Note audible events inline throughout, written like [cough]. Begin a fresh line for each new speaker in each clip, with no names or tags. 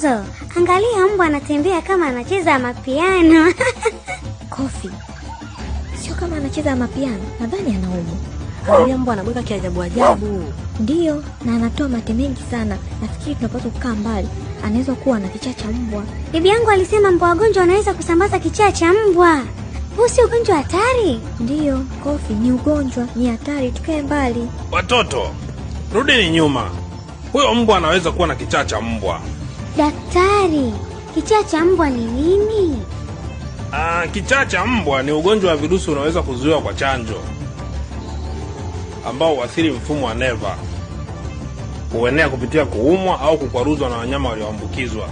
Mchezo, angalia mbwa anatembea kama anacheza mapiano. [laughs]
Kofi, sio kama anacheza mapiano, nadhani anaumwa.
Angalia mbwa anabweka kiajabu ajabu.
Ndiyo, na anatoa mate mengi sana. Nafikiri tunapaswa kukaa mbali, anaweza kuwa na kichaa cha mbwa.
Bibi yangu alisema mbwa wagonjwa wanaweza kusambaza kichaa cha mbwa. Huu si ugonjwa hatari?
Ndiyo, Kofi, ni ugonjwa, ni hatari, tukae mbali.
Watoto, rudini nyuma. Huyo mbwa anaweza kuwa na kichaa cha mbwa.
Daktari, kichaa cha mbwa ni nini?
Ah, kichaa cha mbwa ni ugonjwa wa virusi unaweza kuzuiwa kwa chanjo ambao huathiri mfumo wa neva, huenea kupitia kuumwa au kukwaruzwa na wanyama walioambukizwa.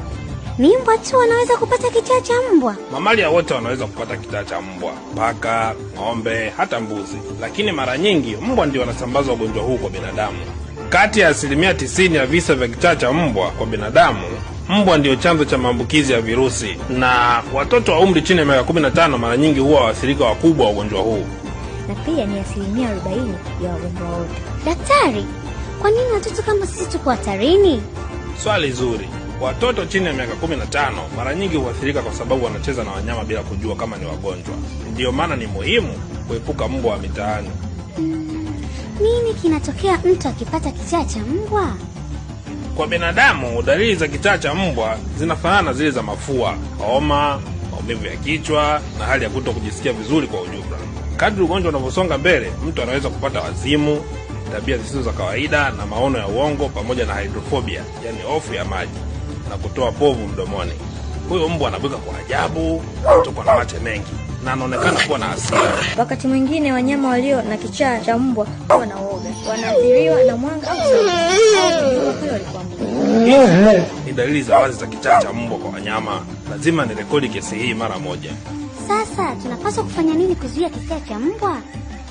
Ni mbwa tu wanaweza kupata kichaa cha mbwa?
Mamalia wote wanaweza kupata kichaa cha mbwa, paka, ng'ombe, hata mbuzi, lakini mara nyingi mbwa ndio wanasambaza ugonjwa huu kwa binadamu. Kati ya asilimia 90 ya visa vya kichaa cha mbwa kwa binadamu mbwa ndio chanzo cha maambukizi ya virusi, na watoto wa umri chini ya miaka 15 mara nyingi huwa waathirika wakubwa wa ugonjwa huu,
na pia ni asilimia 40 ya wagonjwa wote.
Daktari, kwa nini watoto kama sisi tuko hatarini?
Swali zuri. Watoto chini ya miaka 15 mara nyingi huathirika kwa sababu wanacheza na wanyama bila kujua kama ni wagonjwa. Ndiyo maana ni muhimu kuepuka mbwa wa mitaani. Hmm,
nini kinatokea mtu akipata kichaa cha mbwa?
Kwa binadamu, dalili za kichaa cha mbwa zinafanana zile za mafua, homa, maumivu ya kichwa na hali ya kuto kujisikia vizuri kwa ujumla. Kadri ugonjwa unavyosonga mbele, mtu anaweza kupata wazimu, tabia zisizo za kawaida na maono ya uongo, pamoja na hydrophobia yani hofu ya maji na kutoa povu mdomoni. Huyo mbwa anabweka kwa ajabu, kutokwa na mate mengi na anaonekana kuwa na hasira.
Wakati mwingine wanyama walio na kichaa cha mbwa huwa na uoga, wanaathiriwa na mwanga au
ni dalili za wazi za kichaa cha mbwa kwa wanyama. Lazima nirekodi kesi hii mara moja.
Sasa tunapaswa kufanya nini kuzuia kichaa cha mbwa?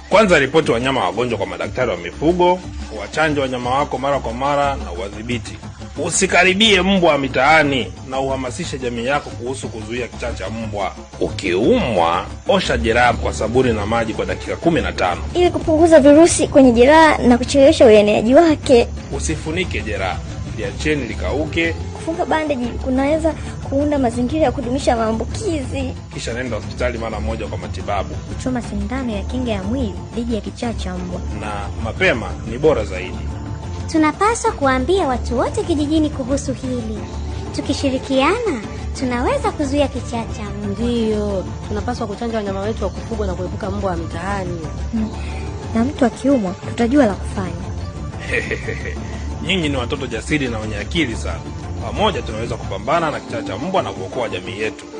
Kwanza ripoti wanyama wagonjwa kwa madaktari wa mifugo, wachanje wanyama wako mara kwa mara na uwadhibiti. Usikaribie mbwa mitaani na uhamasishe jamii yako kuhusu kuzuia kichaa cha mbwa. Ukiumwa, osha jeraha kwa sabuni na maji kwa dakika kumi na tano
ili kupunguza virusi kwenye jeraha na kuchelewesha ueneaji wake.
Usifunike jeraha, liacheni likauke.
Kufunga bandeji kunaweza kuunda mazingira ya kudumisha maambukizi.
Kisha nenda hospitali mara moja kwa matibabu.
Kuchoma sindano ya kinga ya mwili dhidi ya kichaa cha mbwa
na mapema ni bora zaidi.
Tunapaswa kuwaambia watu wote kijijini kuhusu hili. Tukishirikiana tunaweza kuzuia kichaa cha mbwa.
Ndiyo, tunapaswa kuchanja wanyama wetu wa kufugwa na kuepuka mbwa wa mitaani. Hmm. Na mtu akiumwa tutajua la kufanya.
[laughs] Nyinyi ni watoto jasiri na wenye akili sana. Pamoja tunaweza kupambana na kichaa cha mbwa na kuokoa jamii yetu.